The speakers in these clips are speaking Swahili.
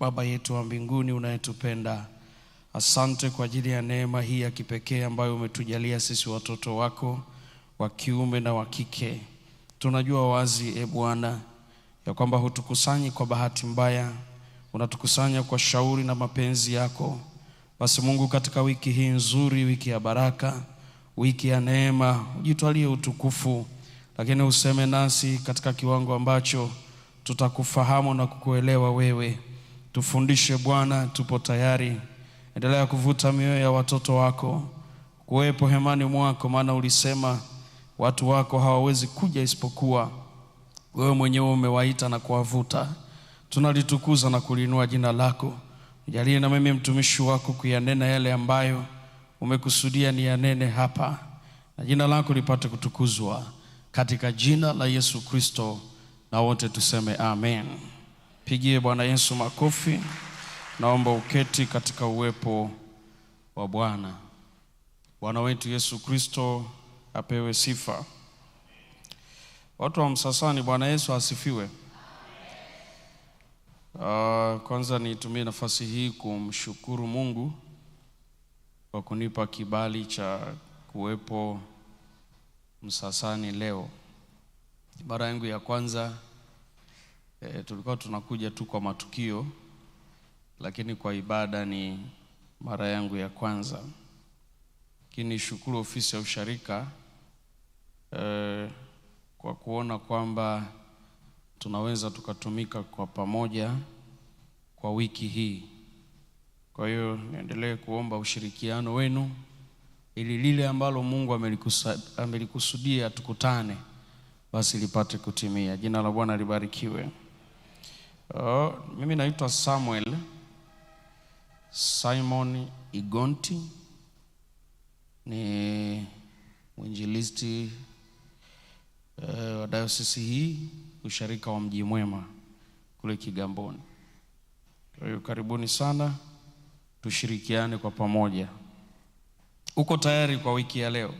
Baba yetu wa mbinguni unayetupenda, asante kwa ajili ya neema hii ya kipekee ambayo umetujalia sisi watoto wako wa kiume na wa kike. Tunajua wazi, e Bwana, ya kwamba hutukusanyi kwa bahati mbaya, unatukusanya kwa shauri na mapenzi yako. Basi Mungu, katika wiki hii nzuri, wiki ya baraka, wiki ya neema, ujitwalie utukufu, lakini useme nasi katika kiwango ambacho tutakufahamu na kukuelewa wewe Tufundishe Bwana, tupo tayari. Endelea kuvuta mioyo ya watoto wako kuwepo hemani mwako, maana ulisema watu wako hawawezi kuja isipokuwa wewe mwenyewe umewaita na kuwavuta. Tunalitukuza na kuliinua jina lako. Jalie na mimi mtumishi wako kuyanena yale ambayo umekusudia ni yanene hapa, na jina lako lipate kutukuzwa katika jina la Yesu Kristo, na wote tuseme amen pigie Bwana Yesu makofi. Naomba uketi katika uwepo wa Bwana. Bwana wetu Yesu Kristo apewe sifa. Watu wa Msasani, Bwana Yesu asifiwe. Uh, kwanza nitumie nafasi hii kumshukuru Mungu kwa kunipa kibali cha kuwepo Msasani leo. Mara yangu ya kwanza E, tulikuwa tunakuja tu kwa matukio, lakini kwa ibada ni mara yangu ya kwanza, lakini shukuru ofisi ya usharika e, kwa kuona kwamba tunaweza tukatumika kwa pamoja kwa wiki hii. Kwa hiyo niendelee kuomba ushirikiano wenu ili lile ambalo Mungu amelikusudia tukutane basi lipate kutimia. Jina la Bwana libarikiwe. Oh, mimi naitwa Samuel Simon Igonti, ni mwinjilisti uh, dayosisi hii usharika wa Mji Mwema kule Kigamboni. Kwa hiyo karibuni sana, tushirikiane kwa pamoja. Uko tayari kwa wiki ya leo?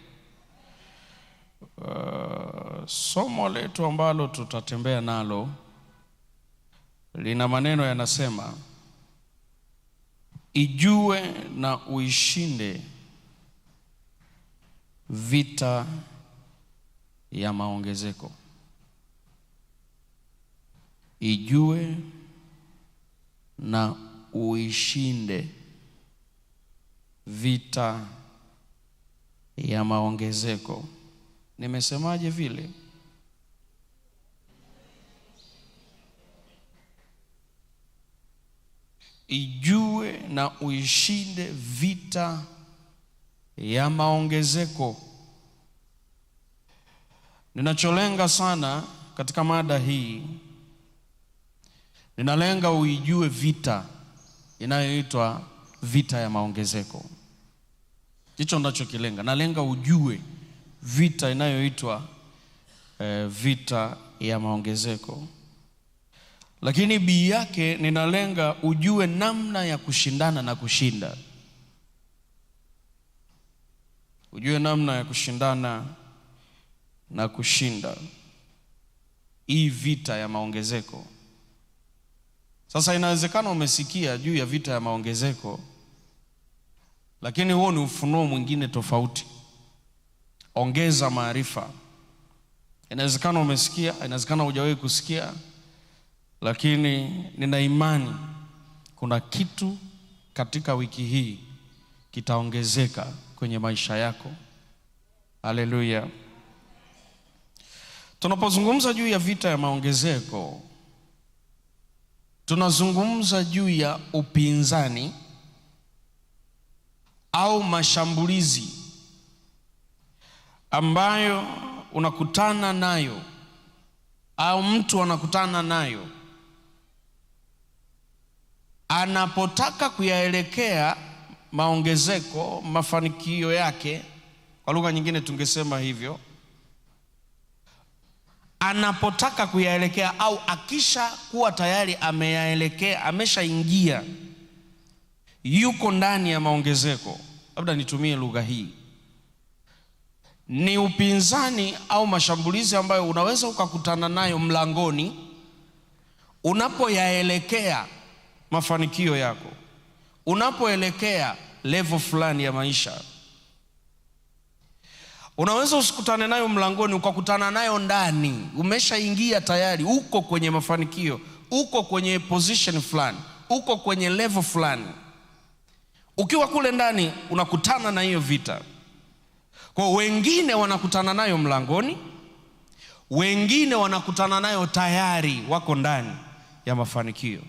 Uh, somo letu ambalo tutatembea nalo lina maneno yanasema, ijue na uishinde vita ya maongezeko. Ijue na uishinde vita ya maongezeko. Nimesemaje vile? ijue na uishinde vita ya maongezeko. Ninacholenga sana katika mada hii, ninalenga uijue vita inayoitwa vita ya maongezeko. Hicho ninachokilenga, nalenga ujue vita inayoitwa eh, vita ya maongezeko lakini bii yake ninalenga ujue namna ya kushindana na kushinda, ujue namna ya kushindana na kushinda hii vita ya maongezeko. Sasa inawezekana umesikia juu ya vita ya maongezeko, lakini huo ni ufunuo mwingine tofauti. Ongeza maarifa. Inawezekana umesikia, inawezekana hujawahi kusikia lakini nina imani kuna kitu katika wiki hii kitaongezeka kwenye maisha yako. Haleluya! Tunapozungumza juu ya vita ya maongezeko, tunazungumza juu ya upinzani au mashambulizi ambayo unakutana nayo au mtu anakutana nayo anapotaka kuyaelekea maongezeko, mafanikio yake, kwa lugha nyingine tungesema hivyo, anapotaka kuyaelekea au akisha kuwa tayari ameyaelekea, ameshaingia, yuko ndani ya maongezeko, labda nitumie lugha hii, ni upinzani au mashambulizi ambayo unaweza ukakutana nayo mlangoni unapoyaelekea mafanikio yako. Unapoelekea levo fulani ya maisha, unaweza usikutane nayo mlangoni, ukakutana nayo ndani. Umeshaingia tayari, uko kwenye mafanikio, uko kwenye position fulani, uko kwenye levo fulani. Ukiwa kule ndani, unakutana na hiyo vita. Kwa wengine wanakutana nayo mlangoni, wengine wanakutana nayo tayari, wako ndani ya mafanikio.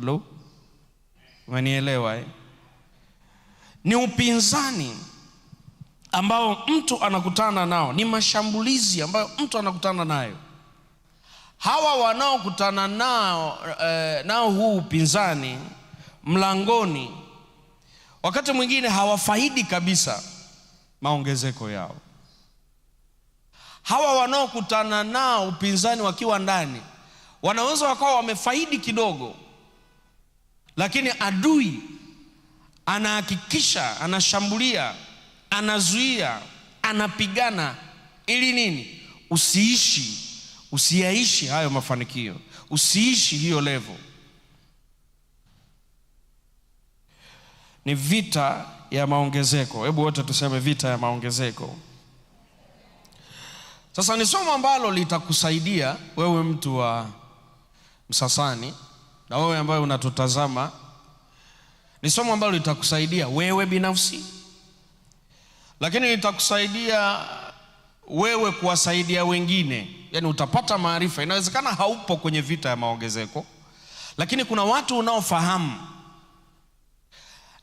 Halo, umenielewa eh? Ni upinzani ambao mtu anakutana nao, ni mashambulizi ambayo mtu anakutana nayo. Hawa wanaokutana nao, eh, nao huu upinzani mlangoni, wakati mwingine hawafaidi kabisa maongezeko yao. Hawa wanaokutana nao upinzani wakiwa ndani, wanaweza wakawa wamefaidi kidogo lakini adui anahakikisha, anashambulia, anazuia, anapigana ili nini? Usiishi, usiyaishi hayo mafanikio, usiishi hiyo level. Ni vita ya maongezeko. Hebu wote tuseme vita ya maongezeko. Sasa ni somo ambalo litakusaidia wewe mtu wa Msasani na wewe ambaye unatutazama, ni somo ambalo litakusaidia wewe binafsi, lakini litakusaidia wewe kuwasaidia wengine. Yani utapata maarifa. Inawezekana haupo kwenye vita ya maongezeko, lakini kuna watu unaofahamu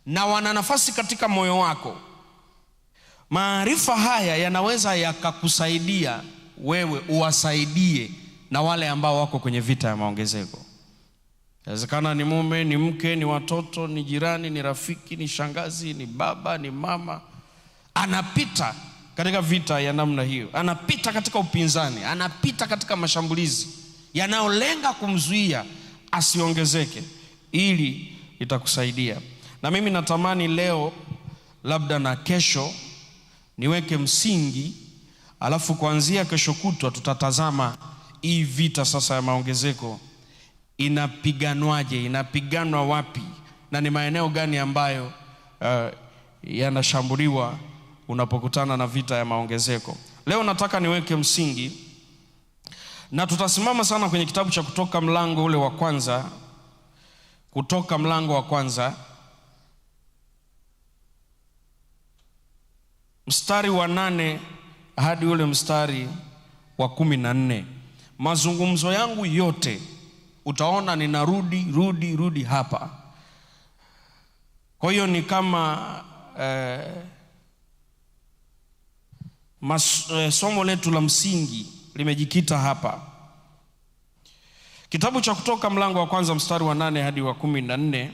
na wana nafasi katika moyo wako. Maarifa haya yanaweza yakakusaidia wewe uwasaidie na wale ambao wako kwenye vita ya maongezeko. Inawezekana ni mume, ni mke, ni watoto, ni jirani, ni rafiki, ni shangazi, ni baba, ni mama. Anapita katika vita ya namna hiyo, anapita katika upinzani, anapita katika mashambulizi yanayolenga kumzuia asiongezeke. Ili itakusaidia na mimi natamani leo labda na kesho niweke msingi, alafu kuanzia kesho kutwa tutatazama hii vita sasa ya maongezeko inapiganwaje, inapiganwa wapi, na ni maeneo gani ambayo uh, yanashambuliwa unapokutana na vita ya maongezeko. Leo nataka niweke msingi, na tutasimama sana kwenye kitabu cha Kutoka mlango ule wa kwanza, Kutoka mlango wa kwanza mstari wa nane hadi ule mstari wa kumi na nne. Mazungumzo yangu yote utaona ninarudi rudi rudi hapa. Kwa hiyo ni kama eh, mas, eh, somo letu la msingi limejikita hapa. Kitabu cha Kutoka mlango wa kwanza mstari wa nane hadi wa kumi na nne.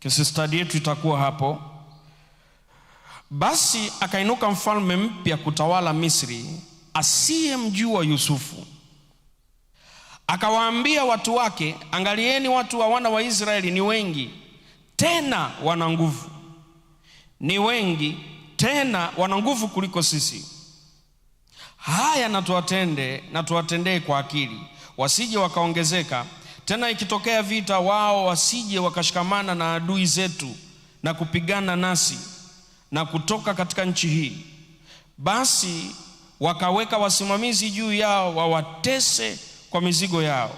Kesi stadi yetu itakuwa hapo. Basi akainuka mfalme mpya kutawala Misri asiyemjua Yusufu akawaambia watu wake, angalieni watu wa wana wa Israeli ni wengi tena wana nguvu, ni wengi tena wana nguvu kuliko sisi. Haya na tuwatende na tuwatendee kwa akili, wasije wakaongezeka tena, ikitokea vita, wao wasije wakashikamana na adui zetu na kupigana nasi na kutoka katika nchi hii. Basi wakaweka wasimamizi juu yao wawatese kwa mizigo yao,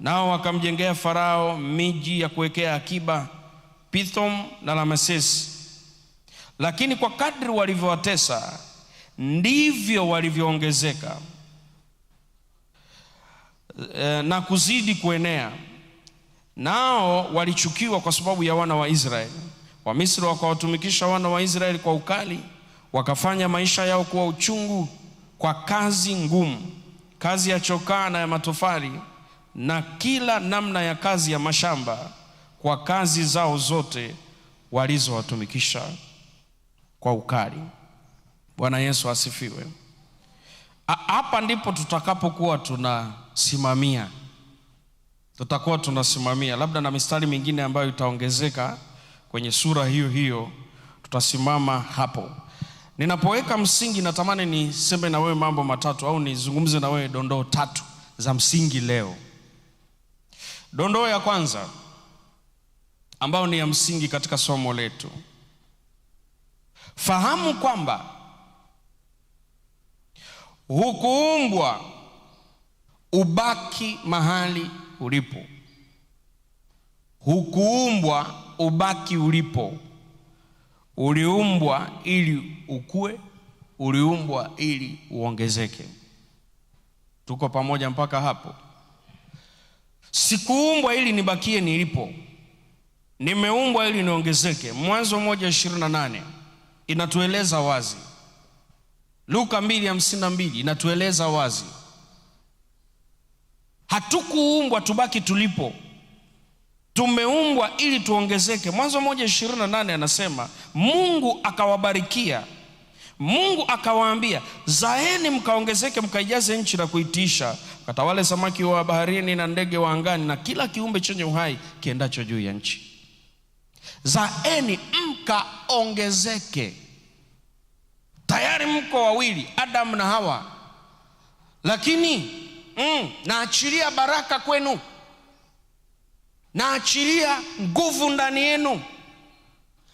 nao wakamjengea Farao miji ya kuwekea akiba, Pithom na Ramesesi. Lakini kwa kadri walivyowatesa ndivyo walivyoongezeka e, na kuzidi kuenea. Nao walichukiwa kwa sababu ya wana wa Israeli. Wamisri wakawatumikisha wana wa Israeli kwa ukali, wakafanya maisha yao kuwa uchungu kwa kazi ngumu kazi ya chokaa na ya matofali na kila namna ya kazi ya mashamba kwa kazi zao zote walizowatumikisha kwa ukali. Bwana Yesu asifiwe. Hapa ndipo tutakapokuwa tunasimamia, tutakuwa tunasimamia labda na mistari mingine ambayo itaongezeka kwenye sura hiyo hiyo, tutasimama hapo. Ninapoweka msingi, natamani niseme na wewe mambo matatu au nizungumze na wewe dondoo tatu za msingi leo. Dondoo ya kwanza ambayo ni ya msingi katika somo letu, fahamu kwamba hukuumbwa ubaki mahali ulipo. Hukuumbwa ubaki ulipo. Uliumbwa ili ukue, uliumbwa ili uongezeke. Tuko pamoja mpaka hapo? Sikuumbwa ili nibakie nilipo, nimeumbwa ili niongezeke. Mwanzo moja ishirini na nane inatueleza wazi, Luka mbili hamsini na mbili inatueleza wazi, hatukuumbwa tubaki tulipo tumeumbwa ili tuongezeke. Mwanzo moja ishirini na nane anasema Mungu akawabarikia, Mungu akawaambia zaeni mkaongezeke, mkaijaze nchi na kuitiisha, katawale samaki wa baharini na ndege wa angani na kila kiumbe chenye uhai kiendacho juu ya nchi. Zaeni mkaongezeke. Tayari mko wawili, Adamu na Hawa, lakini mm, naachilia baraka kwenu naachilia nguvu ndani yenu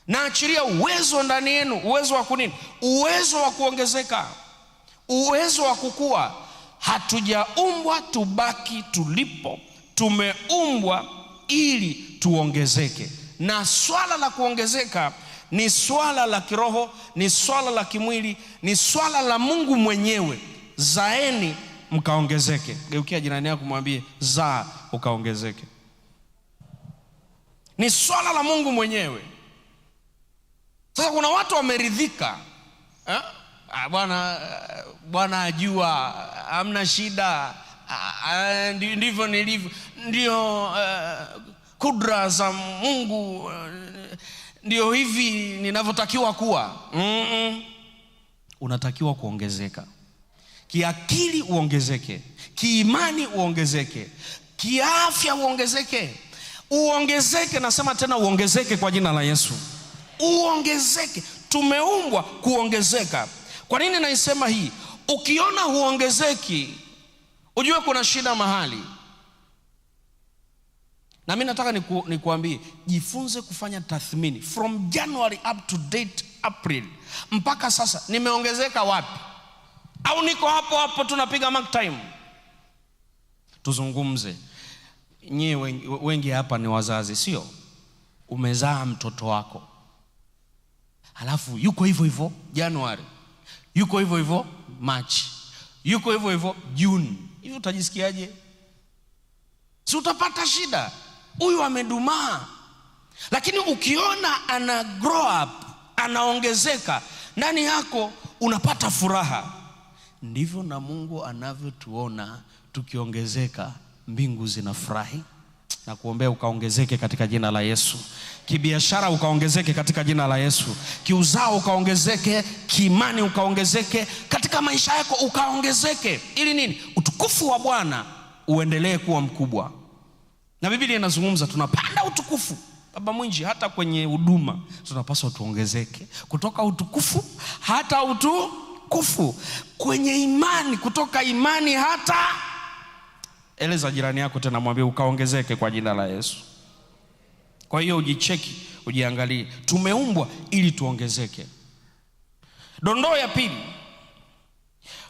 naachilia uwezo ndani yenu uwezo wa kunini uwezo wa kuongezeka uwezo wa kukua hatujaumbwa tubaki tulipo tumeumbwa ili tuongezeke na swala la kuongezeka ni swala la kiroho ni swala la kimwili ni swala la mungu mwenyewe zaeni mkaongezeke geukia jirani yako mwambie zaa ukaongezeke ni swala la Mungu mwenyewe. Sasa kuna watu wameridhika eh? Ah, bwana Bwana ajua, hamna shida, ah, ah, ndivyo nilivyo, ndio uh, kudra za Mungu eh, ndio hivi ninavyotakiwa kuwa. mm -mm. Unatakiwa kuongezeka kiakili, uongezeke kiimani, uongezeke kiafya, uongezeke uongezeke. Nasema tena uongezeke kwa jina la Yesu, uongezeke. Tumeumbwa kuongezeka. Kwa nini naisema hii? Ukiona huongezeki, ujue kuna shida mahali. Na mimi nataka niku, nikuambie jifunze kufanya tathmini from January up to date April mpaka sasa, nimeongezeka wapi? Au niko hapo hapo tunapiga mark time? Tuzungumze nyie wengi, wengi hapa ni wazazi, sio? Umezaa mtoto wako halafu yuko hivyo hivyo Januari, yuko hivyo hivyo Machi, yuko hivyo hivyo Juni, hivyo utajisikiaje? Si utapata shida, huyu amedumaa. Lakini ukiona ana grow up, anaongezeka ndani yako, unapata furaha. Ndivyo na Mungu anavyotuona tukiongezeka mbingu zinafurahi na kuombea ukaongezeke katika jina la Yesu. Kibiashara ukaongezeke katika jina la Yesu. Kiuzao ukaongezeke, kiimani ukaongezeke, katika maisha yako ukaongezeke. Ili nini? Utukufu wa Bwana uendelee kuwa mkubwa. Na Biblia inazungumza tunapanda utukufu. Baba mwinji, hata kwenye huduma tunapaswa tuongezeke kutoka utukufu hata utukufu, kwenye imani kutoka imani hata Eleza jirani yako tena, mwambie ukaongezeke kwa jina la Yesu. Kwa hiyo ujicheki, ujiangalie, tumeumbwa ili tuongezeke. Dondoo ya pili,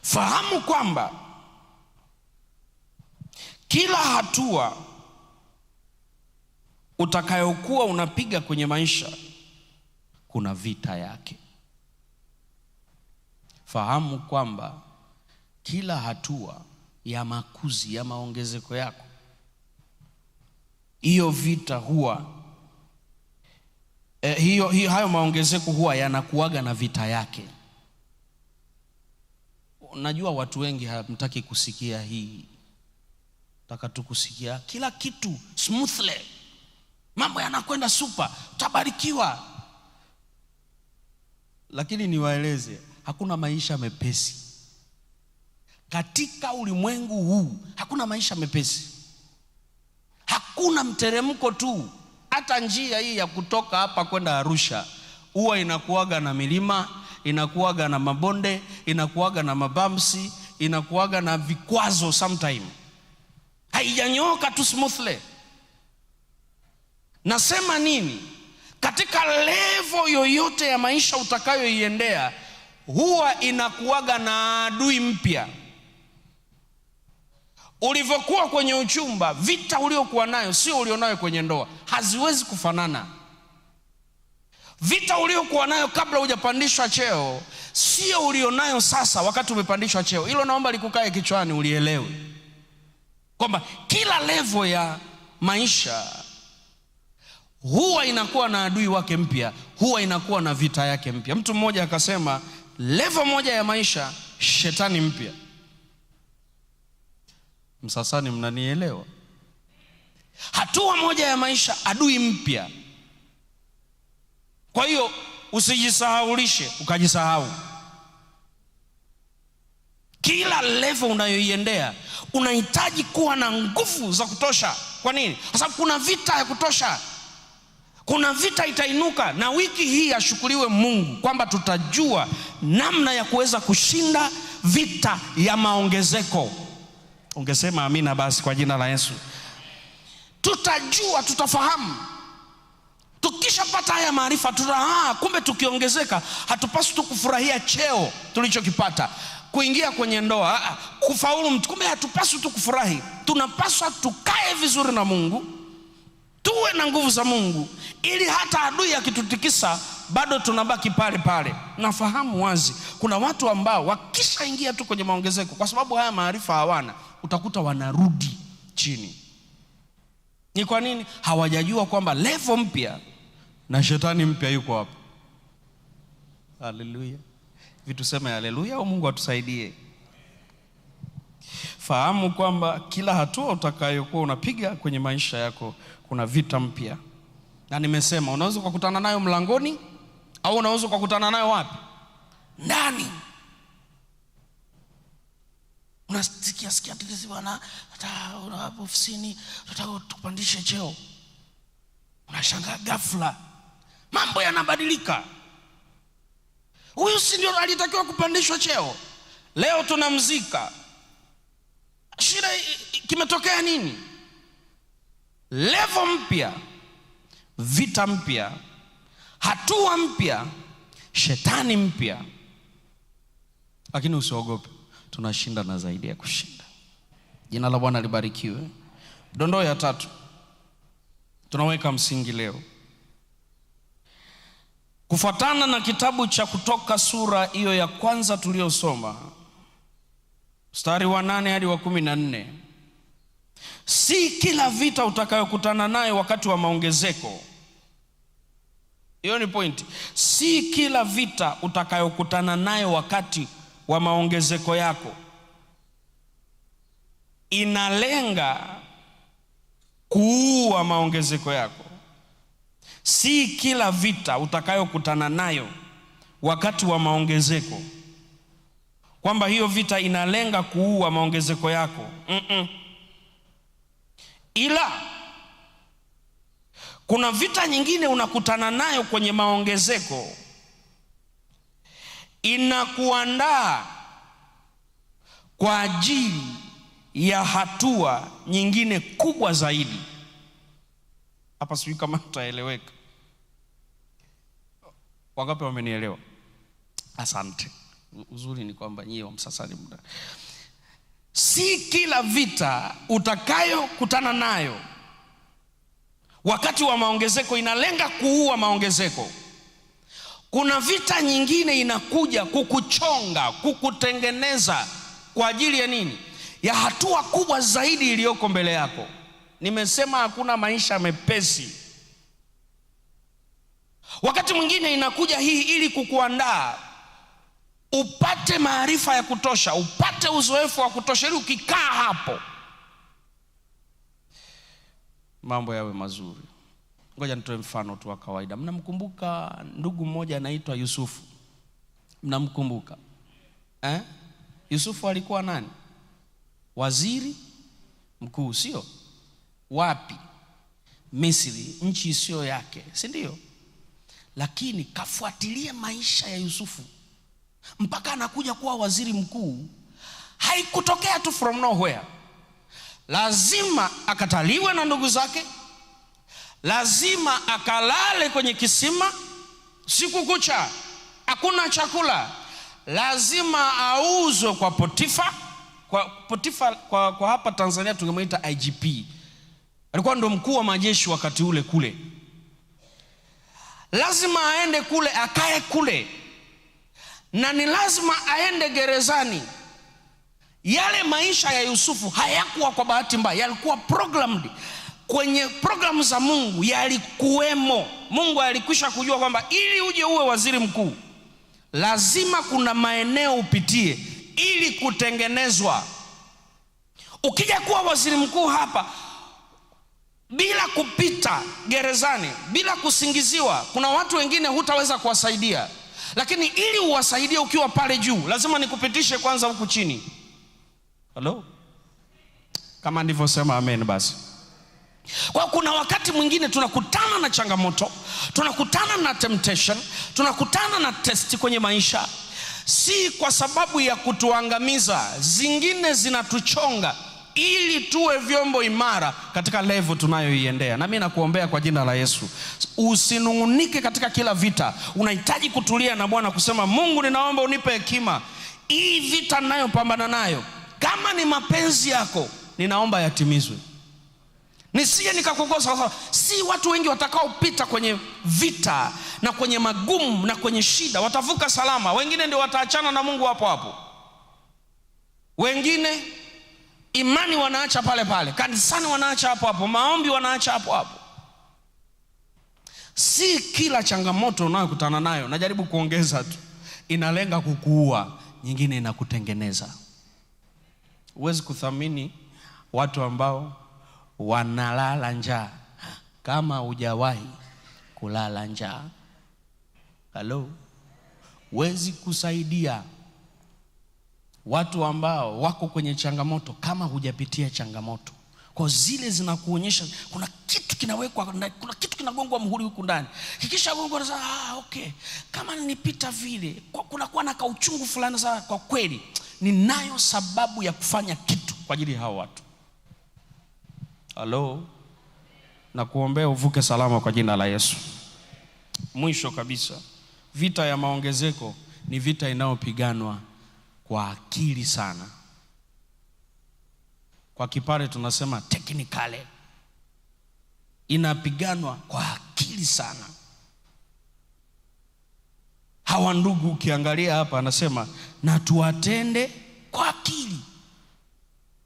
fahamu kwamba kila hatua utakayokuwa unapiga kwenye maisha kuna vita yake. Fahamu kwamba kila hatua ya makuzi ya maongezeko yako. Hiyo vita huwa e, hiyo, hiyo, hayo maongezeko huwa yanakuaga na vita yake. unajua watu wengi hamtaki kusikia hii, taka tu kusikia kila kitu smoothly, mambo yanakwenda super, utabarikiwa. Lakini niwaeleze hakuna maisha mepesi katika ulimwengu huu hakuna maisha mepesi, hakuna mteremko tu. Hata njia hii ya kutoka hapa kwenda Arusha huwa inakuwaga na milima, inakuwaga na mabonde, inakuwaga na mabamsi, inakuwaga na vikwazo sometime, haijanyoka tu smoothly. Nasema nini? Katika levo yoyote ya maisha utakayoiendea, huwa inakuwaga na adui mpya ulivyokuwa kwenye uchumba, vita uliokuwa nayo sio ulionayo kwenye ndoa, haziwezi kufanana. Vita uliokuwa nayo kabla hujapandishwa cheo sio ulionayo sasa wakati umepandishwa cheo. Hilo naomba likukae kichwani, ulielewe kwamba kila levo ya maisha huwa inakuwa na adui wake mpya, huwa inakuwa na vita yake mpya. Mtu mmoja akasema levo moja ya maisha, shetani mpya. Msasani, mnanielewa? Hatua moja ya maisha, adui mpya. Kwa hiyo usijisahaulishe ukajisahau. Kila level unayoiendea unahitaji kuwa na nguvu za kutosha. Kwa nini? Kwa sababu kuna vita ya kutosha, kuna vita itainuka, na wiki hii ashukuriwe Mungu kwamba tutajua namna ya kuweza kushinda vita ya maongezeko. Ungesema amina basi kwa jina la Yesu. Tutajua, tutafahamu tukishapata haya maarifa tuta ah, kumbe tukiongezeka, hatupaswi tu kufurahia cheo tulichokipata, kuingia kwenye ndoa ah, ah kufaulu. Kumbe hatupaswi tu kufurahi, tunapaswa tukae vizuri na Mungu, tuwe na nguvu za Mungu, ili hata adui akitutikisa bado tunabaki pale pale. Nafahamu wazi kuna watu ambao wakishaingia tu kwenye maongezeko, kwa sababu haya maarifa hawana utakuta wanarudi chini. Ni kwa nini? Hawajajua kwamba levo mpya na shetani mpya yuko hapa. Haleluya! vituseme haleluya au Mungu atusaidie? Fahamu kwamba kila hatua utakayokuwa unapiga kwenye maisha yako kuna vita mpya, na nimesema unaweza ukakutana nayo mlangoni au unaweza ukakutana nayo wapi? Ndani unasikia sikia tilizi bwana hata ofisini unataka tukupandishe cheo unashangaa ghafla mambo yanabadilika huyu si ndio alitakiwa kupandishwa cheo leo tunamzika shida kimetokea nini levo mpya vita mpya hatua mpya shetani mpya lakini usiogope tunashinda na zaidi ya kushinda. Jina la Bwana libarikiwe. Dondoo ya tatu, tunaweka msingi leo kufuatana na kitabu cha Kutoka sura hiyo ya kwanza tuliyosoma mstari wa nane hadi wa kumi na nne. Si kila vita utakayokutana naye wakati wa maongezeko. Hiyo ni pointi. Si kila vita utakayokutana naye wakati wa maongezeko yako inalenga kuua maongezeko yako. Si kila vita utakayokutana nayo wakati wa maongezeko kwamba hiyo vita inalenga kuua maongezeko yako mm -mm. Ila kuna vita nyingine unakutana nayo kwenye maongezeko inakuandaa kwa ajili ya hatua nyingine kubwa zaidi. Hapa sijui kama tutaeleweka. Wangapi wamenielewa? Asante. Uzuri ni kwamba nyie wamsasani muda. Si kila vita utakayokutana nayo wakati wa maongezeko inalenga kuua maongezeko kuna vita nyingine inakuja kukuchonga, kukutengeneza kwa ajili ya nini? Ya hatua kubwa zaidi iliyoko mbele yako. Nimesema hakuna maisha mepesi. Wakati mwingine inakuja hii ili kukuandaa upate maarifa ya kutosha, upate uzoefu wa kutosha, ili ukikaa hapo mambo yawe mazuri. Ngoja nitoe mfano tu wa kawaida. Mnamkumbuka ndugu mmoja anaitwa Yusufu? Mnamkumbuka eh? Yusufu alikuwa nani? Waziri mkuu, sio? Wapi? Misri, nchi isiyo yake, si ndio? Lakini kafuatilia maisha ya Yusufu mpaka anakuja kuwa waziri mkuu. Haikutokea tu from nowhere, lazima akataliwe na ndugu zake lazima akalale kwenye kisima siku kucha, hakuna chakula, lazima auzwe kwa Potifa. Kwa Potifa kwa, kwa hapa Tanzania tungemwita IGP, alikuwa ndo mkuu wa majeshi wakati ule kule. Lazima aende kule, akae kule, na ni lazima aende gerezani. Yale maisha ya Yusufu hayakuwa kwa bahati mbaya, yalikuwa programmed kwenye programu za Mungu yalikuwemo. Mungu alikwisha kujua kwamba ili uje uwe waziri mkuu lazima kuna maeneo upitie ili kutengenezwa. Ukija kuwa waziri mkuu hapa bila kupita gerezani, bila kusingiziwa, kuna watu wengine hutaweza kuwasaidia. Lakini ili uwasaidie ukiwa pale juu, lazima nikupitishe kwanza huku chini. Halo, kama ndivyosema, amen basi kwa kuna wakati mwingine tunakutana na changamoto tunakutana na temptation tunakutana na testi kwenye maisha si kwa sababu ya kutuangamiza zingine zinatuchonga ili tuwe vyombo imara katika levo tunayoiendea na mi nakuombea kwa jina la yesu usinung'unike katika kila vita unahitaji kutulia na bwana kusema mungu ninaomba unipe hekima hii vita ninayopambana nayo kama ni mapenzi yako ninaomba yatimizwe nisije nikakukosa, kwa sababu si watu wengi watakaopita kwenye vita na kwenye magumu na kwenye shida watavuka salama. Wengine ndio wataachana na Mungu hapo hapo, wengine imani wanaacha pale pale, kanisani wanaacha hapo hapo, maombi wanaacha hapo hapo. Si kila changamoto unayokutana nayo, najaribu kuongeza tu, inalenga kukuua, nyingine inakutengeneza. Huwezi kuthamini watu ambao wanalala njaa kama hujawahi kulala njaa. Halo, wezi kusaidia watu ambao wako kwenye changamoto kama hujapitia changamoto, kwa zile zinakuonyesha kuna kitu kinawekwa, kuna kitu kinagongwa mhuri huku ndani. Kikisha gongwa sasa, ah, okay, kama nilipita vile, kunakuwa na kauchungu fulani. Sasa kwa kweli ninayo sababu ya kufanya kitu kwa ajili ya hao watu Halo, na kuombea uvuke salama kwa jina la Yesu. Mwisho kabisa, vita ya maongezeko ni vita inayopiganwa kwa akili sana. Kwa kipare tunasema technically, inapiganwa kwa akili sana. Hawa ndugu, ukiangalia hapa, anasema na tuwatende kwa akili,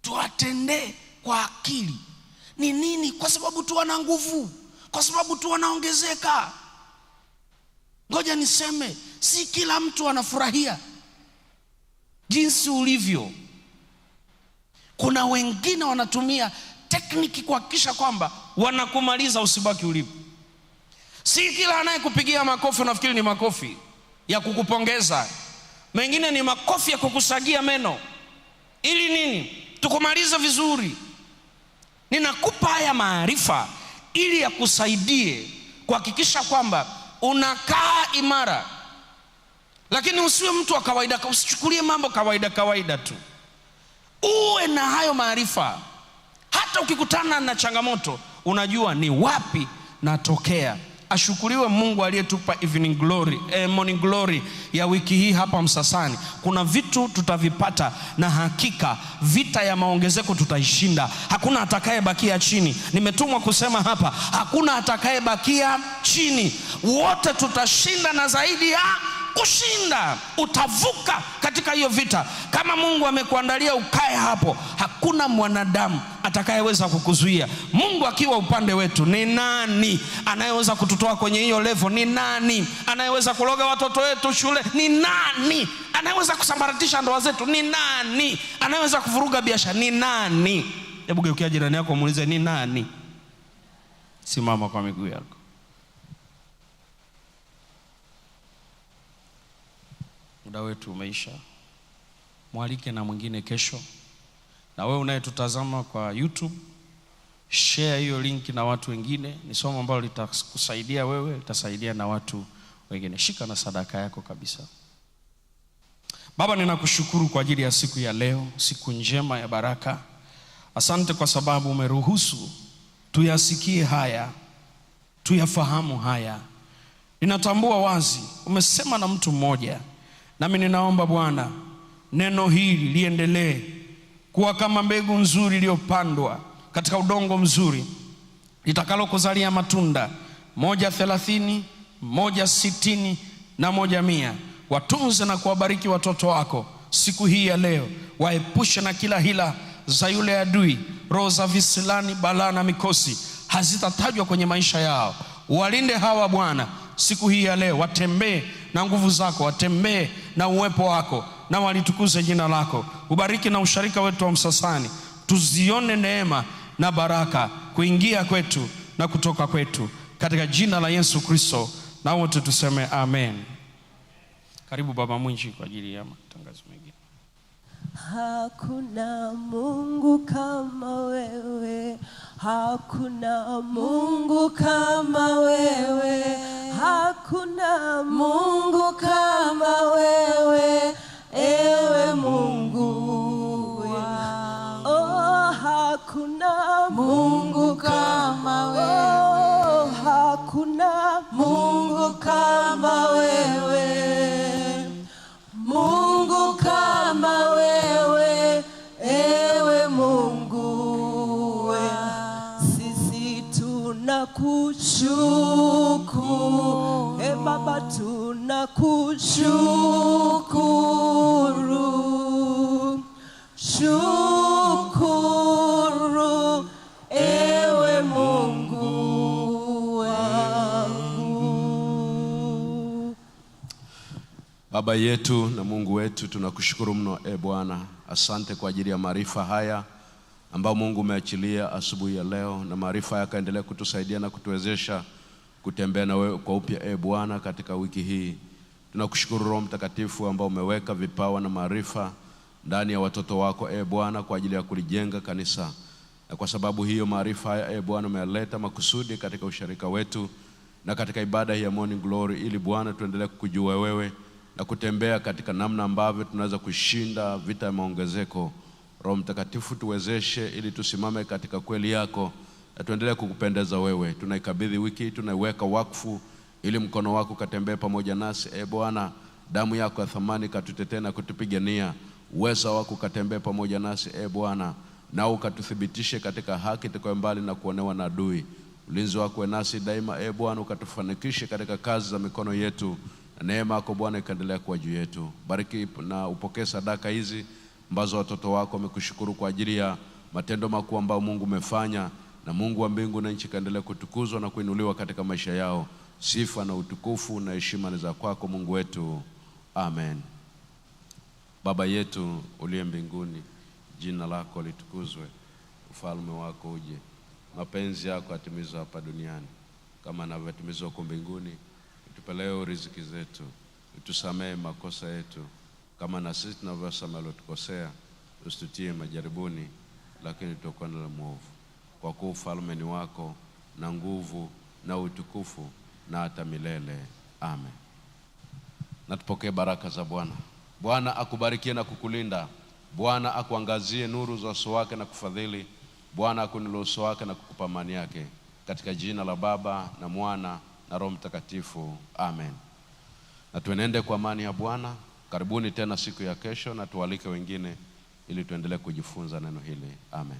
tuwatende kwa akili ni nini? Kwa sababu tu wana nguvu, kwa sababu tu wanaongezeka. Ngoja niseme, si kila mtu anafurahia jinsi ulivyo. Kuna wengine wanatumia tekniki kuhakikisha kwamba wanakumaliza usibaki ulipo. Si kila anayekupigia makofi unafikiri ni makofi ya kukupongeza, mengine ni makofi ya kukusagia meno. Ili nini? Tukumalize vizuri. Ninakupa haya maarifa ili yakusaidie kuhakikisha kwamba unakaa imara, lakini usiwe mtu wa kawaida, usichukulie mambo kawaida kawaida tu. Uwe na hayo maarifa, hata ukikutana na changamoto unajua ni wapi natokea. Ashukuriwe Mungu aliyetupa evening glory, eh, morning glory ya wiki hii hapa Msasani. Kuna vitu tutavipata, na hakika vita ya maongezeko tutaishinda. Hakuna atakayebakia chini. Nimetumwa kusema hapa, hakuna atakayebakia chini, wote tutashinda na zaidi ya kushinda, utavuka katika hiyo vita. Kama Mungu amekuandalia ukae hapo, hakuna mwanadamu atakayeweza kukuzuia. Mungu akiwa upande wetu, ni nani anayeweza kututoa kwenye hiyo levo? Ni nani anayeweza kuloga watoto wetu shule? Ni nani anayeweza kusambaratisha ndoa zetu? Ni nani anayeweza kuvuruga biashara? Ni nani? Hebu geukia jirani yako muulize, ni nani? Simama kwa miguu yako. muda wetu umeisha. Mwalike na mwingine kesho. Na wewe unayetutazama kwa YouTube, share hiyo link na watu wengine. Ni somo ambalo litakusaidia wewe, litasaidia na watu wengine. Shika na sadaka yako kabisa. Baba, ninakushukuru kwa ajili ya siku ya leo, siku njema ya baraka. Asante kwa sababu umeruhusu tuyasikie haya, tuyafahamu haya. Ninatambua wazi umesema na mtu mmoja Nami ninaomba Bwana, neno hili liendelee kuwa kama mbegu nzuri iliyopandwa katika udongo mzuri litakalo kuzalia matunda moja thelathini, moja sitini na moja mia. Watunze na kuwabariki watoto wako siku hii ya leo, waepushe na kila hila za yule adui. Roho za visilani, balaa na mikosi hazitatajwa kwenye maisha yao. Walinde hawa Bwana siku hii ya leo, watembee na nguvu zako, watembee na uwepo wako, na walitukuze jina lako. Ubariki na usharika wetu wa Msasani, tuzione neema na baraka kuingia kwetu na kutoka kwetu, katika jina la Yesu Kristo, na wote tuseme amen. Karibu Baba Mwinji kwa ajili ya matangazo mengine. Hakuna Mungu kama wewe, hakuna Mungu kama wewe, hakuna Mungu kama wewe, ewe Mungu wangu. Oh, hakuna Mungu kama wewe, oh, hakuna Mungu kama wewe. e Baba, tunakushukuru shukuru, ewe Mungu wangu. Baba yetu na Mungu wetu, tunakushukuru mno e Bwana, asante kwa ajili ya maarifa haya ambao Mungu umeachilia asubuhi ya leo, na maarifa yakaendelea kutusaidia na kutuwezesha kutembea na wewe kwa upya. E Bwana, katika wiki hii tunakushukuru Roho Mtakatifu ambao umeweka vipawa na maarifa ndani ya watoto wako e Bwana, kwa ajili ya kulijenga kanisa, na kwa sababu hiyo maarifa haya e Bwana umeyaleta makusudi katika usharika wetu na katika ibada ya Morning Glory, ili Bwana tuendelee kukujua wewe na kutembea katika namna ambavyo tunaweza kushinda vita ya maongezeko Roho Mtakatifu tuwezeshe ili tusimame katika kweli yako na tuendelee kukupendeza wewe. Tunaikabidhi wiki, tunaiweka wakfu ili mkono wako katembee pamoja nasi. E Bwana, damu yako ya thamani katutetee na kutupigania. Uweza wako katembee pamoja nasi e Bwana, na ukatuthibitishe katika haki tukawe mbali na kuonewa na adui. Ulinzi wako we nasi daima e Bwana, ukatufanikishe katika kazi za mikono yetu, na neema yako Bwana ikaendelea kuwa juu yetu. Bariki na upokee sadaka hizi ambazo watoto wako wamekushukuru kwa ajili ya matendo makuu ambayo Mungu umefanya, na Mungu wa mbingu na nchi kaendelea kutukuzwa na kuinuliwa katika maisha yao. Sifa na utukufu na heshima ni za kwako Mungu wetu, amen. Baba yetu uliye mbinguni, jina lako litukuzwe, ufalme wako uje, mapenzi yako yatimizwe hapa duniani kama anavyotimizwa huko mbinguni. Utupe leo riziki zetu, utusamehe makosa yetu kama na sisi tunavyosema aliotukosea, usitutie majaribuni, lakini tutakuwa na la mwovu, kwa kuwa ufalme ni wako na nguvu na utukufu na hata milele. Amen. Na tupokee baraka za Bwana. Bwana akubarikie na kukulinda. Bwana akuangazie nuru za uso wake na kufadhili. Bwana akuinulie uso wake na kukupa amani yake, katika jina la Baba na Mwana na Roho Mtakatifu. Amen. Na tuenende kwa amani ya Bwana. Karibuni tena siku ya kesho, na tualike wengine ili tuendelee kujifunza neno hili. Amen.